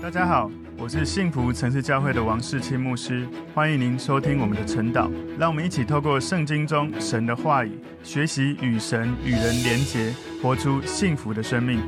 大家好，我是幸福城市教會的王世清牧師，歡迎您收聽我們的晨禱，讓我們一起透過聖經中神的話語，學習與神與人連結，活出幸福的生命。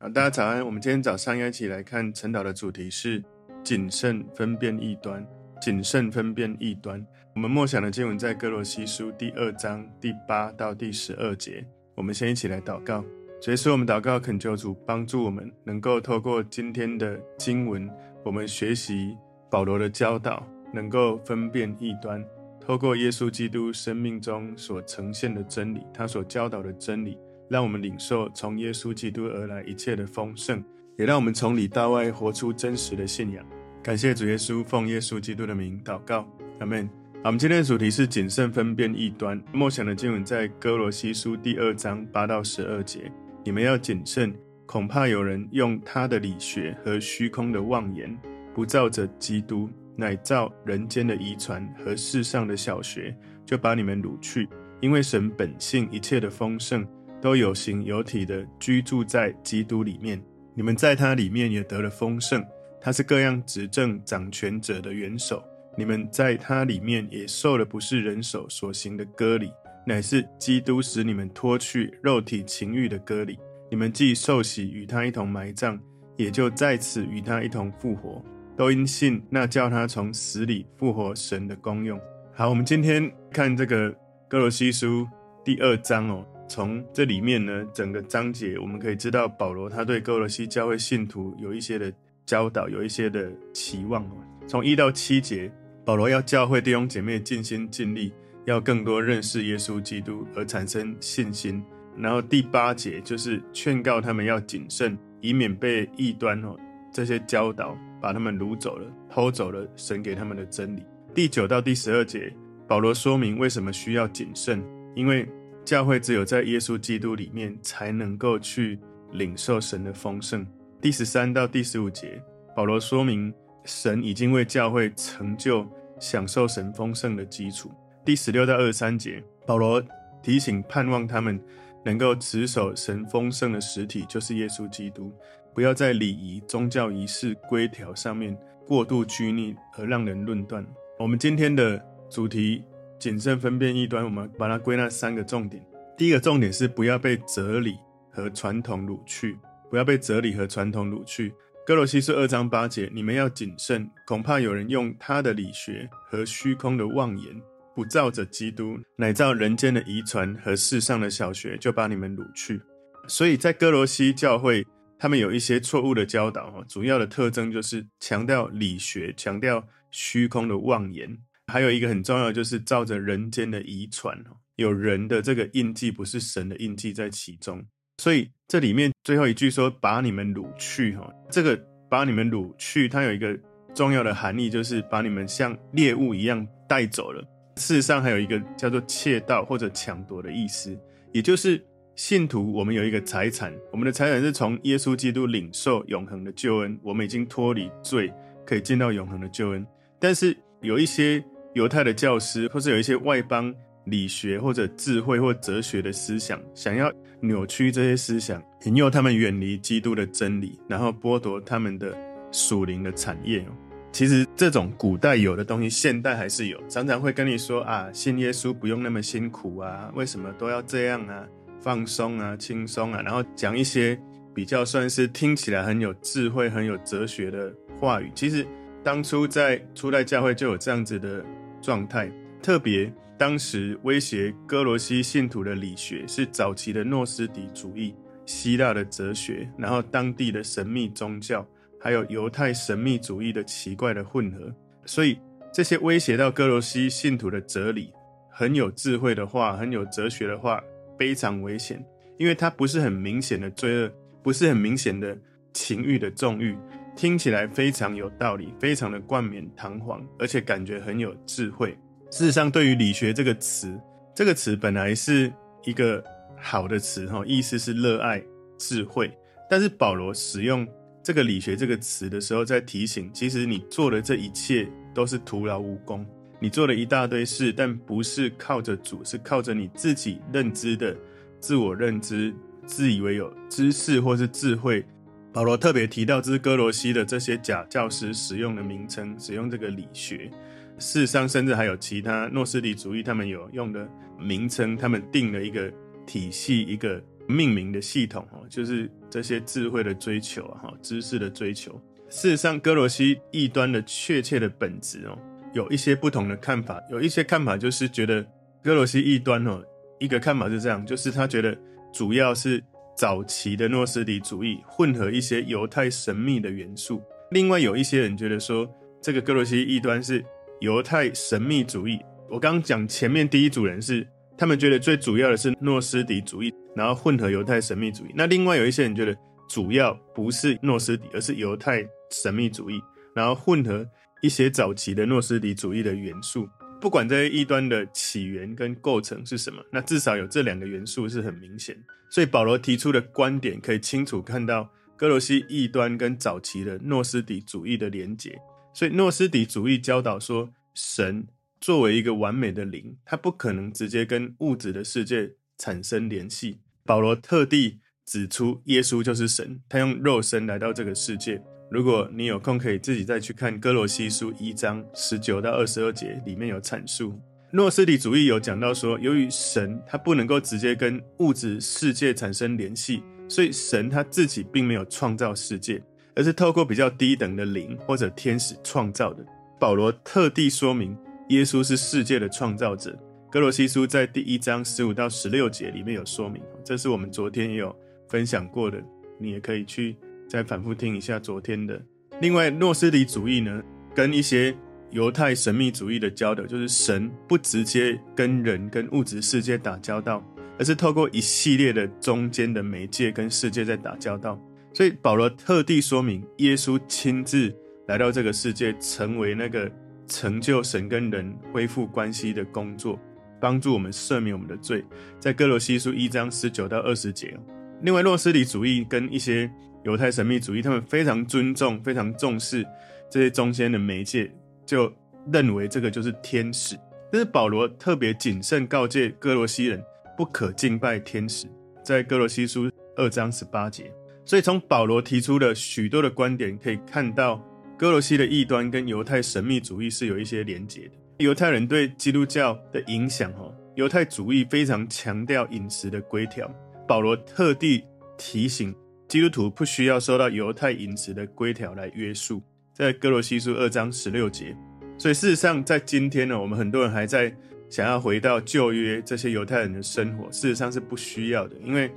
大家早安，我們今天早上要一起來看晨禱的主題是謹慎分辨異端，謹慎分辨異端。我們默想的經文在歌羅西書第二章第八到第十二節，我們先一起來禱告。主耶穌，我們禱告，懇求主幫助我們，能夠透過今天的經文，我們學習保羅的教導，能夠分辨異端。透過耶穌基督生命中所呈現的真理，他所教導的真理，讓我們領受從耶穌基督而來一切的豐盛，也讓我們從裡到外活出真實的信仰。感謝主耶穌，奉耶穌基督的名禱告，阿門。我們今天的主題是謹慎分辨異端，默想的經文在哥羅西書第二章八到十二節。你們要謹慎，恐怕有人用他的理學和虛空的妄言，不照着基督，乃照人間的遺傳和世上的小學，就把你們擄去。因為神本性一切的豐盛，都有形有體地居住在基督裡面。你們在他裡面也得了豐盛。他是各樣執政掌權者的元首。你們在他裡面也受了不是人手所行的割禮。乃是基督使你們脫去肉體情慾的割禮，你們既受洗與他一同埋葬，也就在此與他一同復活，都因信那叫他從死裡復活神的功用。好，我們今天看這個歌羅西書第二章哦，從這裡面呢，整個章節我們可以知道保羅他對歌羅西教會信徒有一些的教導，有一些的期望哦。從一到七節，保羅要教會弟兄姐妹盡心盡力。要更多認識耶穌基督而產生信心，然後第八節就是勸告他們要謹慎，以免被異端哦，這些教導把他們擄走了，偷走了神給他們的真理。第九到第十二節，保羅說明為什麼需要謹慎，因為教會只有在耶穌基督裡面才能夠去領受神的豐盛。第十三到第十五節，保羅說明神已經為教會成就享受神豐盛的基礎。第十六到二十三節，保羅提醒盼望他們能夠持守神豐盛的實體，就是耶穌基督，不要在禮儀、宗教儀式、規條上面過度拘泥和讓人論斷。我們今天的主題：謹慎分辨異端。我們把它歸納三個重點。第一個重點是不要被哲理和傳統擄去，不要被哲理和傳統擄去。歌羅西書二章八節：你們要謹慎，恐怕有人用他的理學和虛空的妄言。照着基督，乃照人間的遺傳和世上的小學，就把你們擄去。所以在歌羅西教會，他們有一些錯誤的教導啊。主要的特徵就是強調理學，強調虛空的妄言。還有一個很重要，就是照着人間的遺傳哦，有人的這個印記，不是神的印記在其中。所以這裡面最後一句說，把你們擄去哈，這個把你們擄去，它有一個重要的含義，就是把你們像獵物一樣帶走了。事實上，還有一個叫做竊盜或者搶奪的意思，也就是信徒，我們有一個財產，我們的財產是從耶穌基督領受永恆的救恩，我們已經脫離罪，可以見到永恆的救恩。但是有一些猶太的教師，或是有一些外邦理學或者智慧或哲學的思想，想要扭曲這些思想，引誘他們遠離基督的真理，然後剝奪他們的屬靈的產業。其實這種古代有的東西，現代還是有。常常會跟你說啊，信耶穌不用那麼辛苦啊，為什麼都要這樣啊，放鬆啊，輕鬆啊，然後講一些比較算是聽起來很有智慧、很有哲學的話語。其實當初在初代教會就有這樣子的狀態，特別當時威脅歌羅西信徒的理學是早期的諾斯底主義、希臘的哲學，然後當地的神秘宗教。還有猶太神秘主義的奇怪的混合，所以這些威脅到歌羅西信徒的哲理，很有智慧的話，很有哲學的話，非常危險，因為它不是很明顯的罪惡，不是很明顯的情欲的縱慾，聽起來非常有道理，非常的冠冕堂皇，而且感覺很有智慧。事實上，對於“理學”這個詞，這個詞本來是一個好的詞，哈，意思是熱愛智慧，但是保羅使用。這個理學這個詞的時候，在提醒，其實你做的這一切都是徒勞無功。你做了一大堆事，但不是靠着主，是靠着你自己認知的自我認知，自以為有知識或是智慧。保羅特別提到，這是歌羅西的這些假教師使用的名稱，使用這個理學。事實上，甚至還有其他諾斯底主義，他們有用的名稱，他們定了一個體系，一個。命名的系統哦，就是這些智慧的追求啊，哈，知識的追求。事實上，歌羅西異端的確切的本質哦，有一些不同的看法。有一些看法就是覺得歌羅西異端哦，一個看法是這樣，就是他覺得主要是早期的諾斯底主義混合一些猶太神秘的元素。另外有一些人覺得說，這個歌羅西異端是猶太神秘主義。我剛剛講前面第一組人是，他們覺得最主要的是諾斯底主義。然後混合猶太神秘主義，那另外有一些人覺得主要不是諾斯底，而是猶太神秘主義，然後混合一些早期的諾斯底主義的元素。不管這些異端的起源跟構成是什麼，那至少有這兩個元素是很明顯。所以保羅提出的觀點可以清楚看到歌羅西異端跟早期的諾斯底主義的連結。所以諾斯底主義教導說，神作為一個完美的靈，他不可能直接跟物質的世界，產生聯繫。保羅特地指出，耶穌就是神，他用肉身來到這個世界。如果你有空，可以自己再去看《哥羅西書》一章十九到二十二節，裡面有闡述。諾斯底主義有講到說，由於神他不能夠直接跟物質世界產生聯繫，所以神他自己並沒有創造世界，而是透過比較低等的靈或者天使創造的。保羅特地說明，耶穌是世界的創造者。歌羅西書在第一章十五到十六節裡面有說明，這是我們昨天也有分享過的，你也可以去再反覆聽一下昨天的。另外，諾斯底主義呢，跟一些猶太神秘主義的交流，就是神不直接跟人跟物質世界打交道，而是透過一系列的中間的媒介跟世界在打交道。所以保羅特地說明，耶穌親自來到這個世界，成為那個成就神跟人恢復關係的工作。幫助我們赦免我們的罪，在哥羅西書一章十九到二十節。另外，諾斯底主義跟一些猶太神秘主義，他們非常尊重、非常重視這些中間的媒介，就認為這個就是天使。但是保羅特別謹慎告誡哥羅西人不可敬拜天使，在哥羅西書二章十八節。所以從保羅提出的許多的觀點，可以看到哥羅西的異端跟猶太神秘主義是有一些連結的。猶太人對基督教的影響，哦，猶太主義非常強調飲食的規條。保羅特地提醒基督徒不需要受到猶太飲食的規條來約束，在歌羅西書二章十六節。所以事實上，在今天呢，我們很多人還在想要回到舊約這些猶太人的生活，事實上是不需要的，因為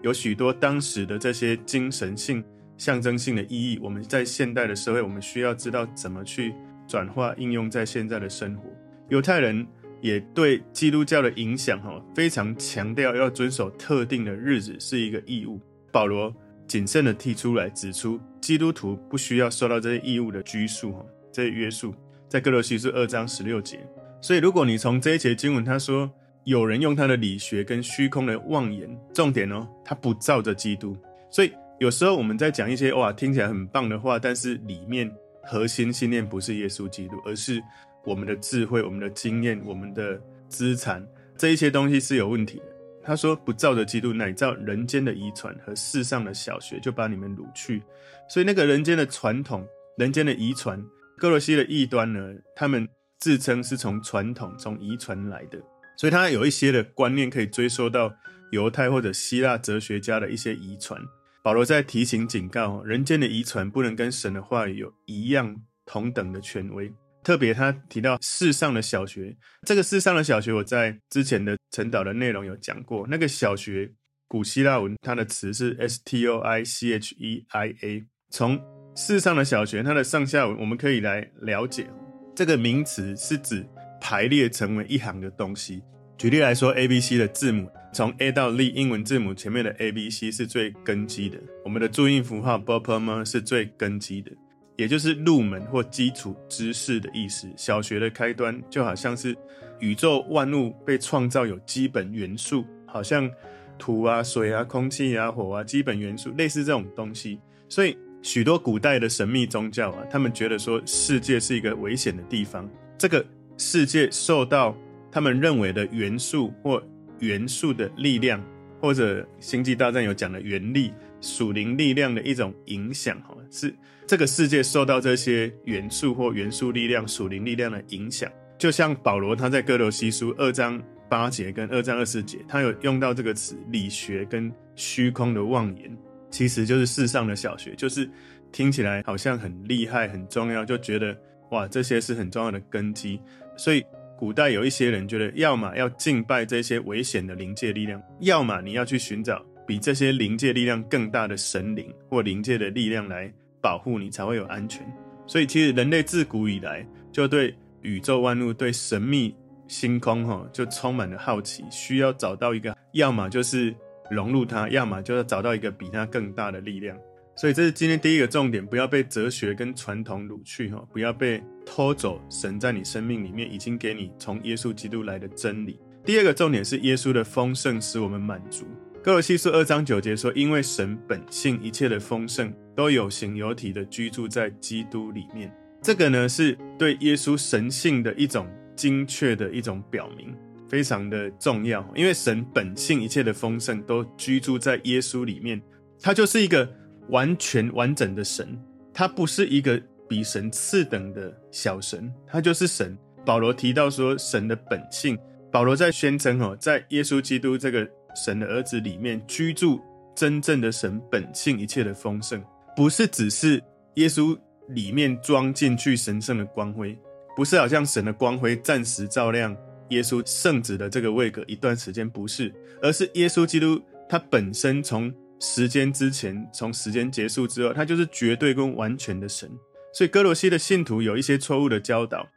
有許多當時的這些精神性、象徵性的意義，我們在現代的社會，我們需要知道怎麼去。轉化應用在現在的生活，猶太人也對基督教的影響，哈，非常強調要遵守特定的日子是一個義務。保羅謹慎地提出來指出，基督徒不需要受到這些義務的拘束，哈，這些約束，在歌羅西書二章十六節。所以，如果你從這一節經文，他說有人用他的理學跟虛空的妄言，重點哦，他不照着基督。所以，有時候我們在講一些哇聽起來很棒的話，但是裡面。核心信念不是耶穌基督，而是我們的智慧、我們的經驗、我們的資產，這一些東西是有問題的。他說：“不照着基督，乃照人間的遺傳和世上的小學，就把你們擄去。”所以那個人間的傳統、人間的遺傳，歌羅西的異端呢，他們自稱是從傳統、從遺傳來的，所以他有一些的觀念可以追溯到猶太或者希臘哲學家的一些遺傳。保羅在提醒、警告：人間的遺傳不能跟神的話語有一樣同等的權威。特別他提到世上的小學，這個世上的小學，我在之前的晨禱的內容有講過。那個小學古希臘文它的詞是 stoicheia，從世上的小學，它的上下文我們可以來了解，這個名詞是指排列成為一行的東西。舉例來說，A、B、C 的字母從 A 到 Z 英文字母，前面的 A、B、C 是最根基的。我們的注音符號 bo po mo 是最根基的，也就是入門或基礎知識的意思。小學的開端就好像是宇宙萬物被創造，有基本元素，好像土啊、水啊、空氣啊、火啊，基本元素類似這種東西。所以許多古代的神秘宗教啊，他們覺得說世界是一個危險的地方，這個世界受到。他們認為的元素或元素的力量，或者《星際大戰》有講的原力、屬靈力量的一種影響，哈，是這個世界受到這些元素或元素力量、屬靈力量的影響。就像保羅他在歌羅西書二章八節跟二章二十節，他有用到這個詞“理學”跟“虛空的妄言”，其實就是世上的小學，就是聽起來好像很厲害、很重要，就覺得哇，這些是很重要的根基，所以。古代有一些人覺得，要麼要敬拜這些危險的靈界力量，要麼你要去尋找比這些靈界力量更大的神靈或靈界的力量來保護你，才會有安全。所以，其實人類自古以來就對宇宙萬物、對神秘星空哈，就充滿了好奇，需要找到一個，要麼就是融入它，要麼就要找到一個比它更大的力量。所以這是今天第一個重點，不要被哲學跟傳統擄去哈，不要被偷走神在你生命裡面已經給你從耶穌基督來的真理。第二個重點是耶穌的豐盛使我們滿足。歌羅西書二章九節說：“因為神本性一切的豐盛都有形有體的居住在基督裡面。”這個呢是對耶穌神性的一種精確的一種表明，非常的重要。因為神本性一切的豐盛都居住在耶穌裡面，他就是一個。完全完整的神，他不是一個比神次等的小神，他就是神。保羅提到說，神的本性，保羅在宣稱哦，在耶穌基督這個神的兒子裡面居住真正的神本性，一切的豐盛，不是只是耶穌裡面裝進去神聖的光輝，不是好像神的光輝暫時照亮耶穌聖子的這個位格一段時間，不是，而是耶穌基督他本身從。時間之前，從時間結束之後，他就是絕對跟完全的神。所以歌羅西的信徒有一些錯誤的教導，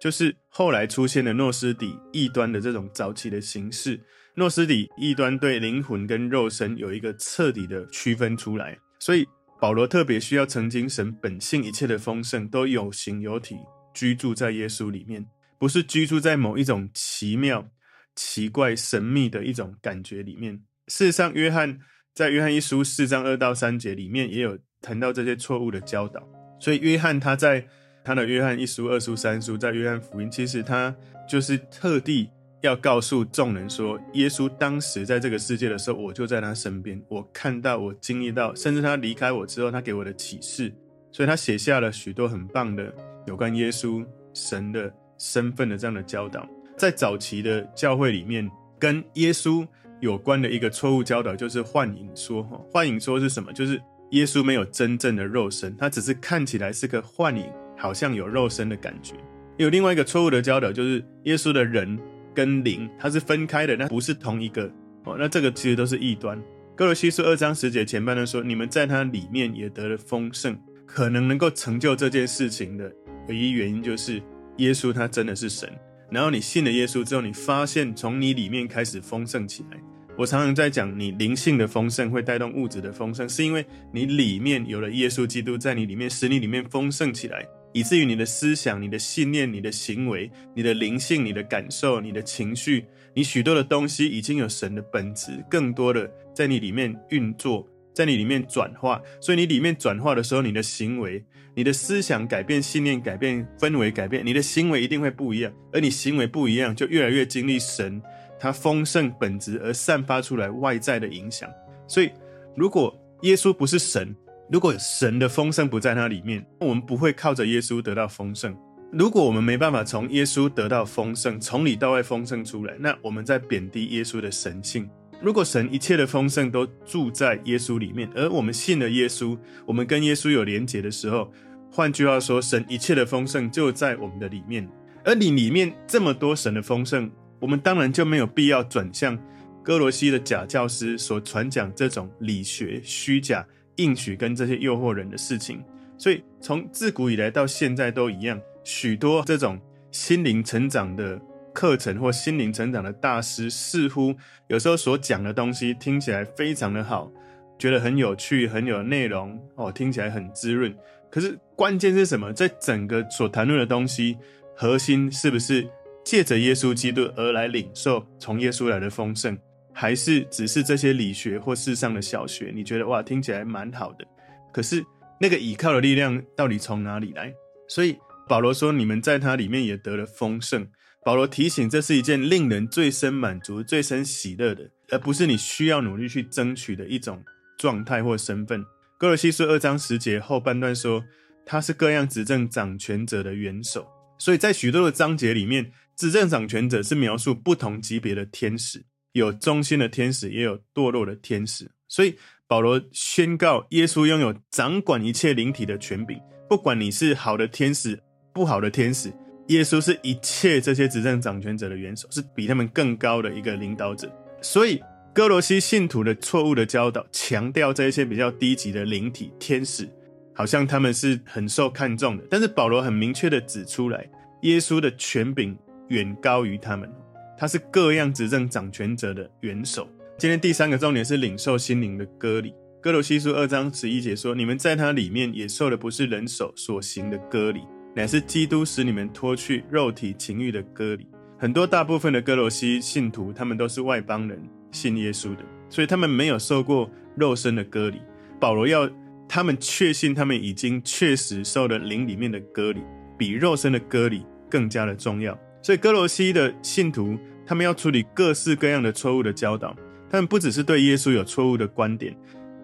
就是後來出現的諾斯底異端的這種早期的形式。諾斯底異端對靈魂跟肉身有一個徹底的區分出來。所以保羅特別需要，曾經神本性一切的豐盛，都有形有體居住在耶穌裡面，不是居住在某一種奇妙、奇怪、神秘的一種感覺裡面。事實上，約翰。在約翰一書四章二到三節裡面，也有談到這些錯誤的教導。所以約翰他在他的約翰一書、二書、三書，在約翰福音，其實他就是特地要告訴眾人說，耶穌當時在這個世界的時候，我就在他身邊，我看到，我經歷到，甚至他離開我之後，他給我的啟示。所以，他寫下了許多很棒的有關耶穌神的身份的這樣的教導。在早期的教會裡面，跟耶穌。有關的一個錯誤教導，就是幻影說，哈，幻影說是什麼？就是耶穌沒有真正的肉身，他只是看起來是個幻影，好像有肉身的感覺。有另外一個錯誤的教導，就是耶穌的人跟靈他是分開的，那不是同一個。哦，那這個其實都是異端。歌羅西書二章十節前半段說：“你們在他裡面也得了豐盛，可能能夠成就這件事情的唯一原因就是耶穌他真的是神。”然後你信了耶穌之後，你發現從你裡面開始豐盛起來。我常常在講，你靈性的豐盛會帶動物質的豐盛，是因為你裡面有了耶穌基督在你裡面，使你裡面豐盛起來，以至於你的思想、你的信念、你的行為、你的靈性、你的感受、你的情緒，你許多的東西已經有神的本質，更多的在你裡面運作。在你裡面轉化，所以你裡面轉化的時候，你的行為、你的思想改變、信念改變、氛圍改變，你的行為一定會不一樣。而你行為不一樣，就越來越經歷神他豐盛本質而散發出來外在的影響。所以，如果耶穌不是神，如果神的豐盛不在他裡面，我們不會靠着耶穌得到豐盛。如果我們沒辦法從耶穌得到豐盛，從裡到外豐盛出來，那我們在貶低耶穌的神性。如果神一切的豐盛都住在耶穌裡面，而我們信了耶穌，我們跟耶穌有連結的時候，換句話說，神一切的豐盛就在我們的裡面。而你裡面這麼多神的豐盛，我們當然就沒有必要轉向歌羅西的假教師所傳講這種理學、虛假、應許跟這些誘惑人的事情。所以從自古以來到現在都一樣，許多這種心靈成長的。課程或心靈成長的大師，似乎有時候所講的東西聽起來非常的好，覺得很有趣，很有內容哦，聽起來很滋潤。可是關鍵是什麼？在整個所談論的東西核心是不是借着耶穌基督而來領受從耶穌來的豐盛，還是只是這些理學或世上的小學？你覺得哇，聽起來蠻好的。可是那個倚靠的力量到底從哪裡來？所以保羅說：“你們在他裡面也得了豐盛。”保羅提醒，這是一件令人最深滿足、最深喜樂的，而不是你需要努力去爭取的一種狀態或身份。歌羅西書二章十節後半段說，他是各樣執政掌權者的元首。所以在許多的章節裡面，執政掌權者是描述不同級別的天使，有忠心的天使，也有墮落的天使。所以保羅宣告，耶穌擁有掌管一切靈體的權柄，不管你是好的天使，不好的天使。耶穌是一切這些執政掌權者的元首，是比他們更高的一個領導者。所以哥羅西信徒的錯誤的教導，強調這一些比較低級的靈體天使，好像他們是很受看重的。但是保羅很明確的指出來，耶穌的權柄遠高於他們，他是各樣執政掌權者的元首。今天第三個重點是領受心靈的割禮。哥羅西書二章十一節說：“你們在他裡面也受的不是人手所行的割禮。”乃是基督使你們脫去肉體情欲的割禮。很多大部分的哥羅西信徒，他們都是外邦人信耶穌的，所以他們沒有受過肉身的割禮。保羅要他們確信，他們已經確實受了靈裡面的割禮，比肉身的割禮更加的重要。所以哥羅西的信徒，他們要處理各式各樣的錯誤的教導。他們不只是對耶穌有錯誤的觀點，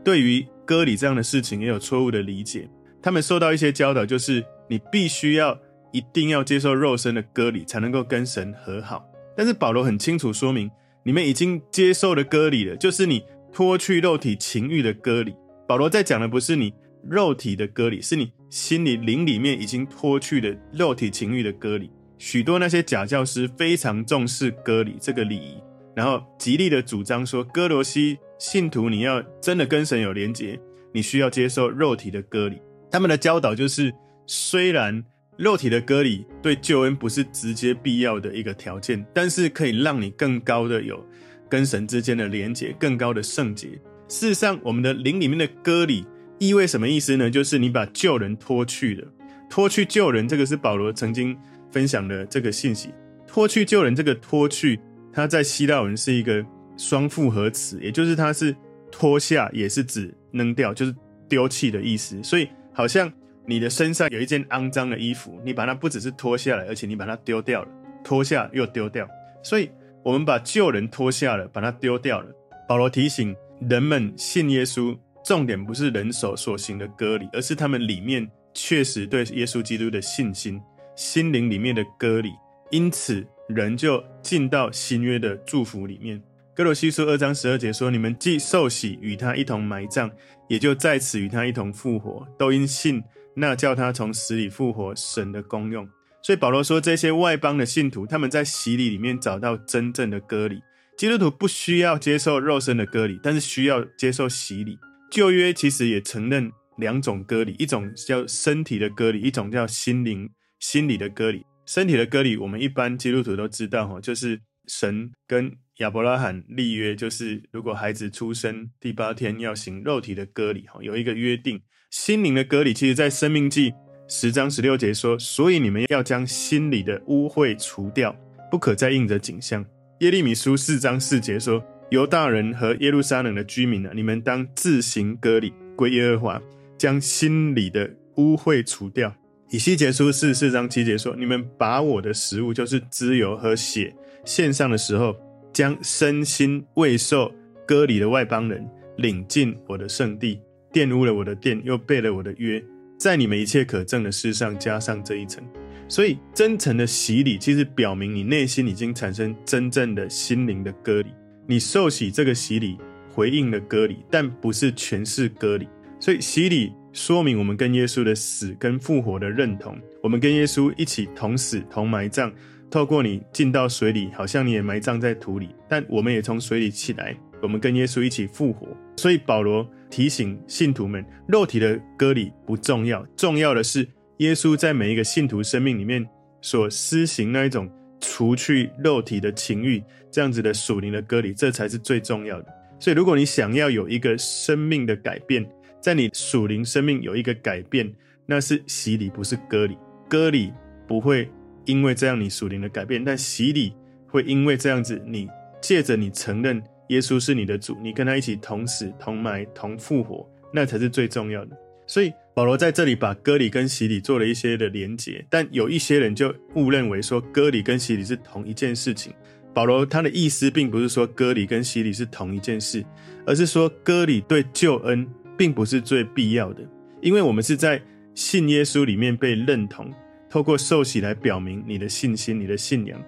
對於割禮這樣的事情也有錯誤的理解。他們受到一些教導，就是。你必須要，一定要接受肉身的割禮，才能夠跟神和好。但是保羅很清楚說明，你們已經接受了割禮了，就是你脫去肉體情慾的割禮。保羅在講的不是你肉體的割禮，是你心裡靈裡面已經脫去的肉體情慾的割禮。許多那些假教師非常重視割禮這個禮儀，然後極力的主張說，歌羅西信徒，你要真的跟神有連接，你需要接受肉體的割禮。他們的教導就是。雖然肉體的割禮對救恩不是直接必要的一個條件，但是可以讓你更高的有跟神之間的連結，更高的聖潔。事實上，我們的靈裡面的割禮意味什麼意思呢？就是你把舊人脫去了，脫去舊人，這個是保羅曾經分享的這個信息。脫去舊人，這個脫去，它在希臘文是一個雙複合詞，也就是它是脫下，也是指扔掉，就是丟棄的意思。所以好像。你的身上有一件骯髒的衣服，你把它不只是脫下來，而且你把它丟掉了。脫下又丟掉，所以我們把舊人脫下了，把它丟掉了。保羅提醒人們信耶穌，重點不是人手所行的割禮，而是他們裡面確實對耶穌基督的信心，心靈裡面的割禮。因此，人就進到新約的祝福裡面。哥羅西書二章十二節說：“你們既受洗與他一同埋葬，也就在此與他一同復活，都因信。”那叫他從死裡復活，神的功用。所以保羅說，這些外邦的信徒，他們在洗禮裡面找到真正的割禮。基督徒不需要接受肉身的割禮，但是需要接受洗禮。舊約其實也承認兩種割禮，一種叫身體的割禮，一種叫心靈、心理的割禮。身體的割禮，我們一般基督徒都知道，哈，就是神跟亞伯拉罕立約，就是如果孩子出生第八天要行肉體的割禮，哈，有一個約定。心靈的割禮，其實在《申命記》十章十六節說：“所以你們要將心裡的污穢除掉，不可再硬著頸項。”《耶利米書》四章四節說：“猶大人和耶路撒冷的居民啊，你們當自行割禮，歸耶和華，將心裡的污穢除掉。”《以西結書》四，四十四章七節說：“你們把我的食物，就是脂油和血獻上的時候，將身心未受割禮的外邦人領進我的聖地。”玷污了我的殿，又背了我的約，在你們一切可憎的事上加上這一層。所以，真誠的洗禮，其實表明你內心已經產生真正的心靈的割禮。你受洗這個洗禮，回應了割禮，但不是全是割禮。所以，洗禮說明我們跟耶穌的死跟復活的認同。我們跟耶穌一起同死同埋葬，透過你進到水裡，好像你也埋葬在土裡，但我們也從水裡起來。我們跟耶穌一起復活。所以，保羅。提醒信徒們，肉體的割禮不重要，重要的是耶穌在每一個信徒生命裡面所施行那一種除去肉體的情慾，這樣子的屬靈的割禮，這才是最重要的。所以，如果你想要有一個生命的改變，在你屬靈生命有一個改變，那是洗禮，不是割禮。割禮不會因為這樣你屬靈的改變，但洗禮會因為這樣子你，你借着你承認。耶穌是你的主，你跟他一起同死同埋同復活，那才是最重要的。所以保羅在這裡把割禮跟洗禮做了一些的連結，但有一些人就誤認為說割禮跟洗禮是同一件事情。保羅他的意思並不是說割禮跟洗禮是同一件事，而是說割禮對救恩並不是最必要的，因為我們是在信耶穌裡面被認同，透過受洗來表明你的信心、你的信仰。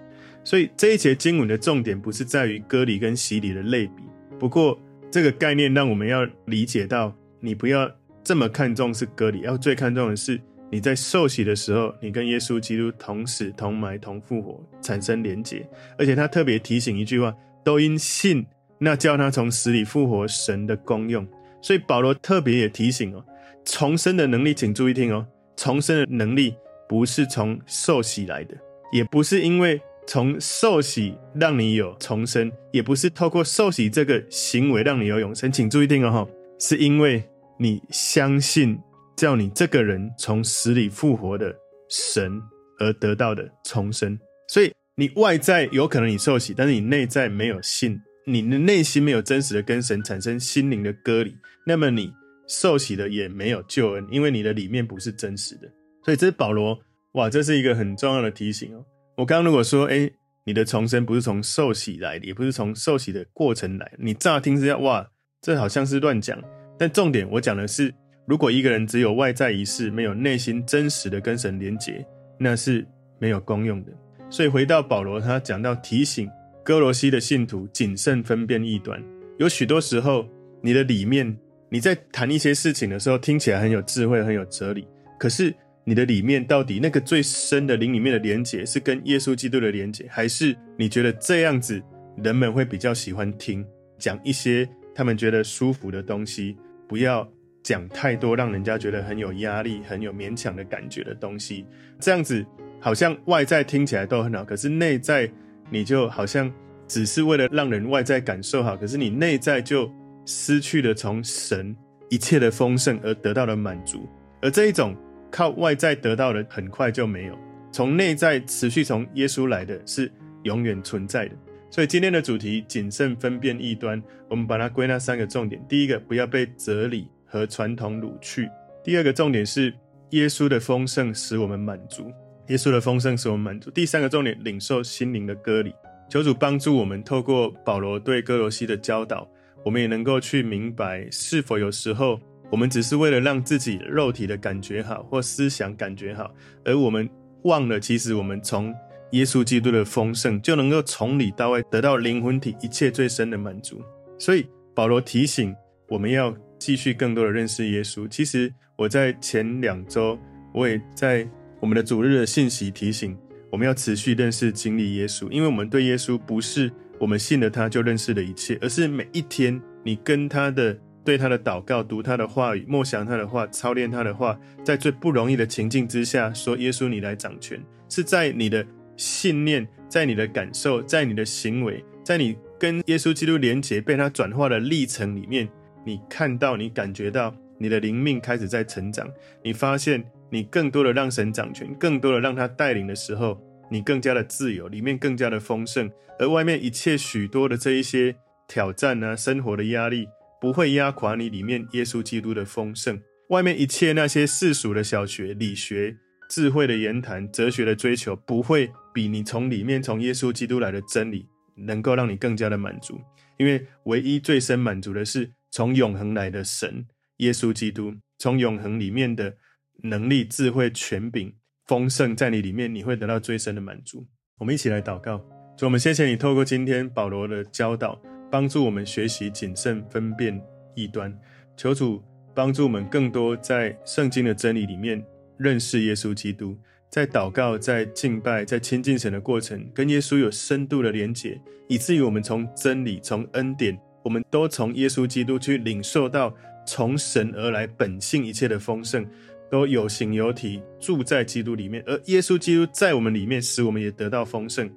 所以這一節經文的重點不是在於割禮跟洗禮的類比，不過這個概念讓我們要理解到，你不要這麼看重是割禮，要最看重的是你在受洗的時候，你跟耶穌基督同死同埋同復活，產生連結。而且他特別提醒一句話：都因信，那叫他從死裡復活神的功用。所以保羅特別也提醒哦，重生的能力，請注意聽哦，重生的能力不是從受洗來的，也不是因為。從受洗讓你有重生，也不是透過受洗這個行為讓你有永生，請注意聽哦，是因為你相信叫你這個人從死裡復活的神而得到的重生。所以你外在有可能你受洗，但是你內在沒有信，你的內心沒有真實的跟神產生心靈的割禮，那麼你受洗的也沒有救恩，因為你的裡面不是真實的。所以這是保羅，哇，這是一個很重要的提醒哦。我剛剛如果說，哎，你的重生不是從受洗來的，也不是從受洗的過程來的，你乍聽之下，哇，這好像是亂講。但重點我講的是，如果一個人只有外在儀式，沒有內心真實的跟神連結，那是沒有功用的。所以回到保羅，他講到提醒歌羅西的信徒謹慎分辨異端。有許多時候，你的裡面，你在談一些事情的時候，聽起來很有智慧，很有哲理，可是。你的裡面到底那個最深的靈裡面的連接，是跟耶穌基督的連接，還是你覺得這樣子人們會比較喜歡聽講一些他們覺得舒服的東西，不要講太多讓人家覺得很有壓力、很有勉強的感覺的東西？這樣子好像外在聽起來都很好，可是內在你就好像只是為了讓人外在感受好，可是你內在就失去了從神一切的豐盛而得到的滿足，而這一種。靠外在得到的很快就沒有，從內在持續從耶穌來的是永遠存在的。所以今天的主題謹慎分辨異端，我們把它歸納三個重點：第一個，不要被哲理和傳統擄去；第二個重點是耶穌的豐盛使我們滿足，耶穌的豐盛使我們滿足；第三個重點，領受心靈的割禮。求主幫助我們，透過保羅對歌羅西的教導，我們也能夠去明白是否有時候。我們只是為了讓自己肉體的感覺好或思想感覺好，而我們忘了，其實我們從耶穌基督的豐盛，就能夠從裡到外得到靈魂體一切最深的滿足。所以保羅提醒我們要繼續更多的認識耶穌。其實我在前兩周，我也在我們的主日的信息提醒我們要持續認識、經歷耶穌，因為我們對耶穌不是我們信了他就認識了一切，而是每一天你跟他的。對他的禱告，讀他的話語，默想他的話，操練他的話，在最不容易的情境之下，說：“耶穌，你來掌權。”是在你的信念，在你的感受，在你的行為，在你跟耶穌基督連結、被他轉化的歷程裡面，你看到、你感覺到你的靈命開始在成長。你發現，你更多的讓神掌權，更多的讓他帶領的時候，你更加的自由，裡面更加的豐盛，而外面一切許多的這一些挑戰啊，生活的壓力。不會壓垮你裡面耶穌基督的豐盛，外面一切那些世俗的小學、理學、智慧的言談、哲學的追求，不會比你從裡面從耶穌基督來的真理能夠讓你更加的滿足。因為唯一最深滿足的是從永恆來的神耶穌基督，從永恆裡面的能力、智慧、權柄、豐盛在你裡面，你會得到最深的滿足。我們一起來禱告，所以我們謝謝你透過今天保羅的教導。幫助我們學習謹慎分辨異端，求主幫助我們更多在聖經的真理裡面認識耶穌基督，在禱告、在敬拜、在親近神的過程，跟耶穌有深度的連接，以至於我們從真理、從恩典，我們都從耶穌基督去領受到從神而來本性一切的豐盛，都有形有體住在基督裡面，而耶穌基督在我們裡面，使我們也得到豐盛。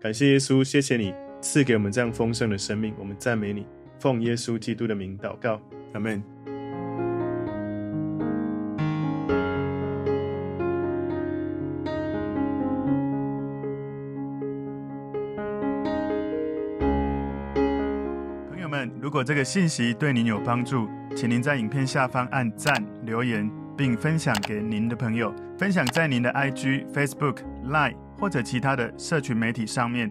感謝耶穌，謝謝你。賜給我們這樣豐盛的生命，我們讚美你，奉耶穌基督的名禱告，阿門。朋友們，如果這個信息對您有幫助，請您在影片下方按讚、留言，並分享給您的朋友，分享在您的 IG、Facebook、Line 或者其他的社群媒體上面。